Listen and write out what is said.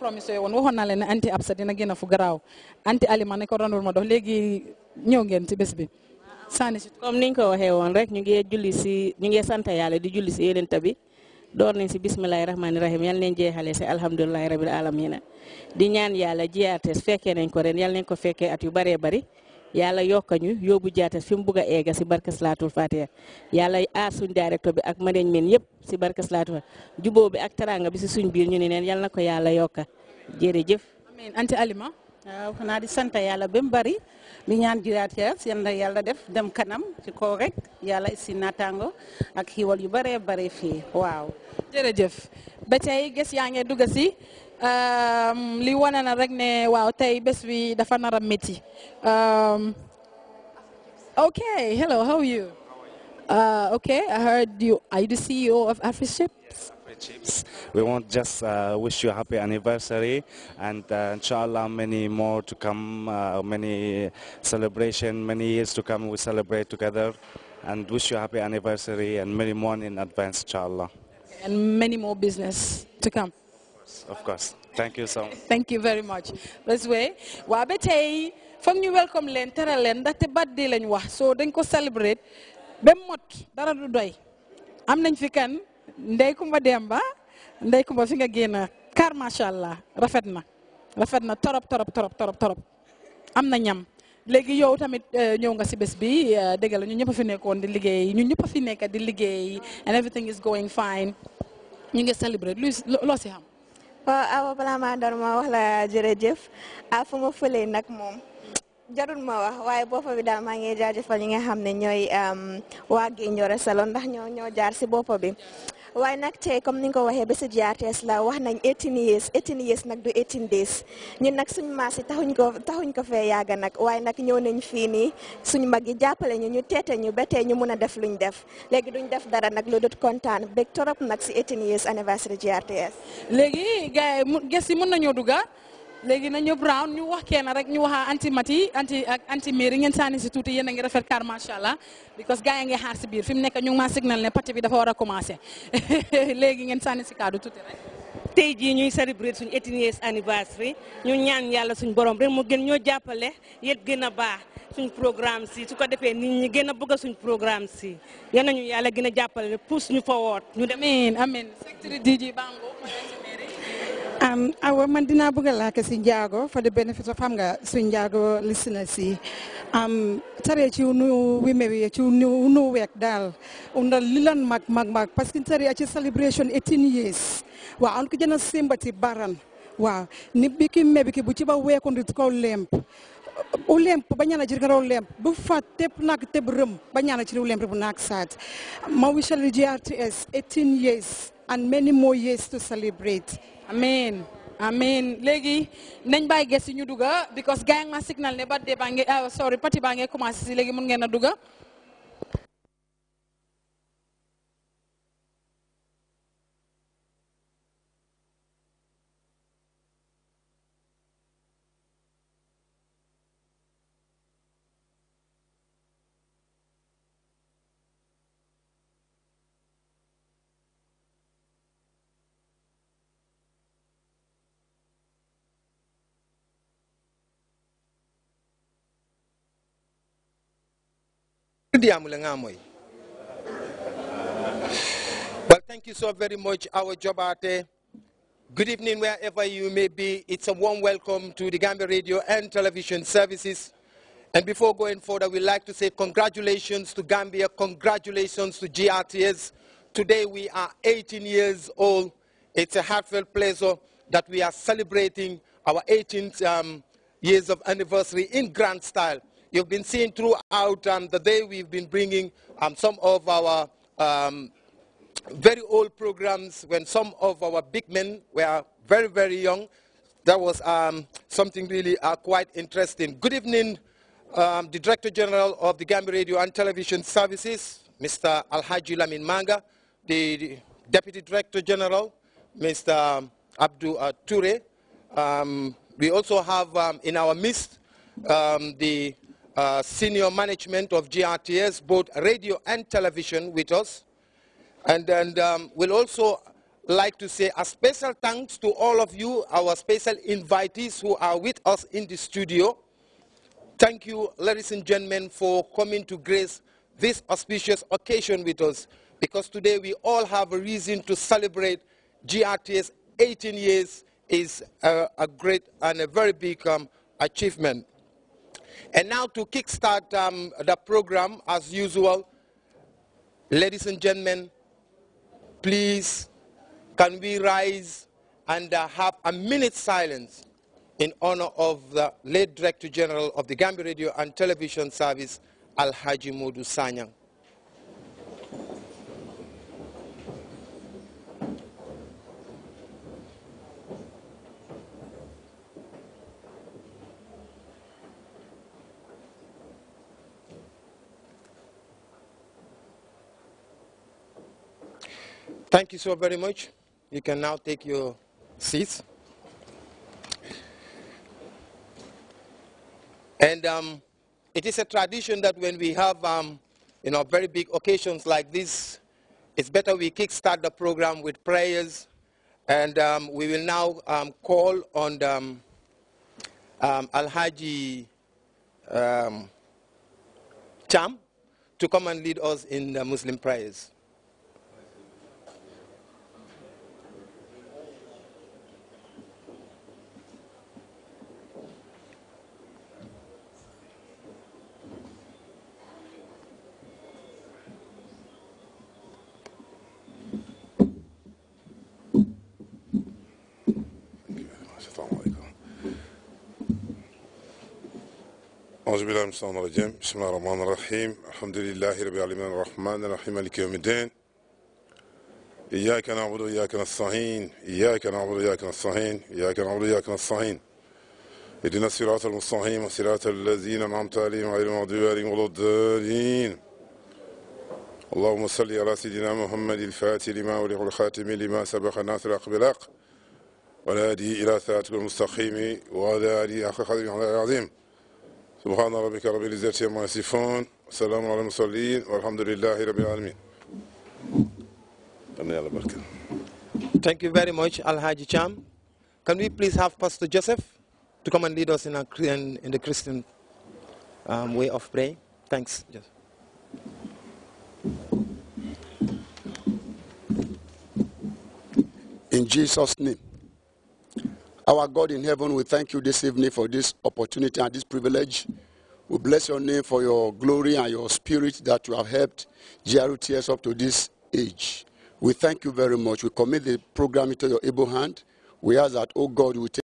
promise woon waxoon naa leen ne anti absa dina gën a fu garaaw anti aliment ne ko randul ma dox léegi ñëw ngeen ci bés bi sànni si comme niñ ko waxee woon rek ñu ngi julli si ñu ngi sant yàlla di julli si yeneen tabi door nañ si bisimilahi rahmaani rahim yal nañ jeexale si alhamdulilahi rabil alamina di ñaan yàlla jiyaate fekkee nañ ko ren yal nañ ko fekkee at yu baree bari yàlla yokk ñu yóbbu jaata fi mu eega si barke salaatul yàlla aar suñ directeur bi ak management yëpp si barke salaatul fatiha jubóo bi ak teraanga bi si suñ biir ñu ne neen yal na ko yàlla yokka jërëjëf amiin anti alima waaw xanaa di sant yàlla ba mu bari di ñaan jiraatias yal na yàlla def dem kanam ci kaw rek yàlla si nataango ak xiiwal yu baree bare fii waaw jërëjëf ba tey ges yaa ngi si Um, wane na rek ne waaw bés dafa okay hello how are you uh, okay I heard you are you the CEO of AfriChips Chips. We want just uh, wish you a happy anniversary and uh, inshallah many more to come, uh, many celebration, many years to come we celebrate together and wish you a happy anniversary and many more in advance inshallah. And many more business to come. of course thank you so much. thank you very much this way waa ba tey foog ñu welcome leen teral leen ndaxte birthday lañ wax so dañ ko celebrate ba mot dara du doy am nañ fi kan Ndey Kumba Demba Ndey Kumba fi nga génn kar macha allah rafet na rafet na torop torop torop torop torop am na ñam léegi yow tamit euh, ñëw nga si bés bi euh, dégg la ñu ñëpp fi nekkoon di liggéey ñu ñëpp fi nekk di liggéey and everything is going fine ñu ngi celebrate lu loo si xam awa ah, balaa maa door ma wax la jërëjëf a ah, fu ma fëlee nag moom jarul ma wax waaye boppa bi daal maa ngi jaajëfal ñi nga xam ne ñooy waa Guindioro Salon ndax ñoo ñoo jaar si boppa bi waaye nag tey comme ni nga ko waxee bési GRTS la wax nañ 18 years 18 years nag du 18 days ñun nag suñ maas yi taxuñ ko taxuñ ko fee yàgga nag waaye nag ñëw nañ fii nii suñ mag yi jàppale ñu ñu teete ñu ba tey ñu mun a def luñ def léegi duñ def dara nag lu dut kontaan bég torop nag si 18 years anniversary GRTS léegi gars yi gis yi mën léegi na ñëpp round ñu wax kenn rek ñu waxa anti mati anti ak anti mairie ngeen saani si tuuti yéen a ngi rafet car macha allah because gars yi ngi xaar si biir fi nekk ñu ngi signal ne parti bi dafa war a commencé léegi ngeen saani si kaddu tuuti rek tey jii ñuy célébrer suñu eighteen years anniversary ñu ñaan yàlla suñ borom rek moo gën ñoo jàppale yëpp gën a baax suñ programme si su ko defee nit ñi gën a bëgg suñ programme si yal nañu yàlla gën a jàppale pousse ñu forward ñu dem amiin amiin secteur DG Um, man dinaa bëgg a laaka si njaago benefit of xam nga su njaago listeners yi um, nu wime wi ci nu nu wek daal unda lilan mag mag mag parce que tare ci celebration 18 years waaw an ko jana simbati baran waaw ni biki mebiki bu ci ba weekundu ko lemp ulemp banyana jirgara ulemp bufa tep nak tep rum banyana jiri ulemp bu nak sat ma wishal GRTS 18 years and many more years to celebrate amiin amiin léegi nañ bàyyi gëstu ñu dugga because gaa ngi ma signal ne ba dee baa ngi ah, sorry parti baa ngi commencé si léegi mun ngeen a duga Well, thank you so very much, our job ate. Good evening, wherever you may be. It's a warm welcome to the Gambia Radio and Television Services. And before going further, we'd like to say congratulations to Gambia, congratulations to GRTS. Today we are 18 years old. It's a heartfelt pleasure that we are celebrating our 18th um, years of anniversary in grand style. You've been seeing throughout um, the day we've been bringing um, some of our um, very old programs when some of our big men were very, very young. That was um, something really uh, quite interesting. Good evening, um, the Director General of the Gambia Radio and Television Services, Mr. Alhaji Lamin Manga, the Deputy Director General, Mr. Um, Abdul uh, we also have in our midst um, the uh, senior management of GRTS, both radio and television with us. And, and um, we'll also like to say a special thanks to all of you, our special invitees who are with us in the studio. Thank you, ladies and gentlemen, for coming to grace this auspicious occasion with us because today we all have a reason to celebrate GRTS 18 years is a, uh, a great and a very big um, achievement. And now to kickstart um, the program as usual, ladies and gentlemen, please can we rise and uh, have a minute silence in honor of the late Director General of the Gambia Radio and Television Service, Al-Haji Modu Sanyang. Thank you so very much. You can now take your seats. And um, it is a tradition that when we have um, you know, very big occasions like this, it's better we kickstart the program with prayers. And um, we will now um, call on um, um Al-Haji um, Cham to come and lead us in the Muslim prayers. أعوذ بالله من الشيطان الرجيم بسم الله الرحمن الرحيم الحمد لله رب العالمين الرحمن الرحيم مالك يوم الدين إياك نعبد وإياك نستعين إياك نعبد وإياك نستعين إياك نعبد وإياك نستعين اهدنا الصراط المستقيم صراط الذين أنعمت عليهم غير المغضوب عليهم ولا الضالين اللهم صل على سيدنا محمد الفاتح لما ولي الخاتم لما سبق الناس الأقبلاق بالحق إلى صراطك المستقيم وعلى آله حق قدره العظيم سبحان ربك رب العزة عما يصفون والسلام على المرسلين والحمد لله رب العالمين Thank you very much, Al-Haji Cham. Can we please have Pastor Joseph to come and lead us in, a in, in the Christian um, way of praying? Thanks, Joseph. In Jesus' name. Our God in heaven, we thank you this evening for this opportunity and this privilege. We bless your name for your glory and your spirit that you have helped GRUTS up to this age. We thank you very much. We commit the program into your able hand. We ask that, oh God, we. take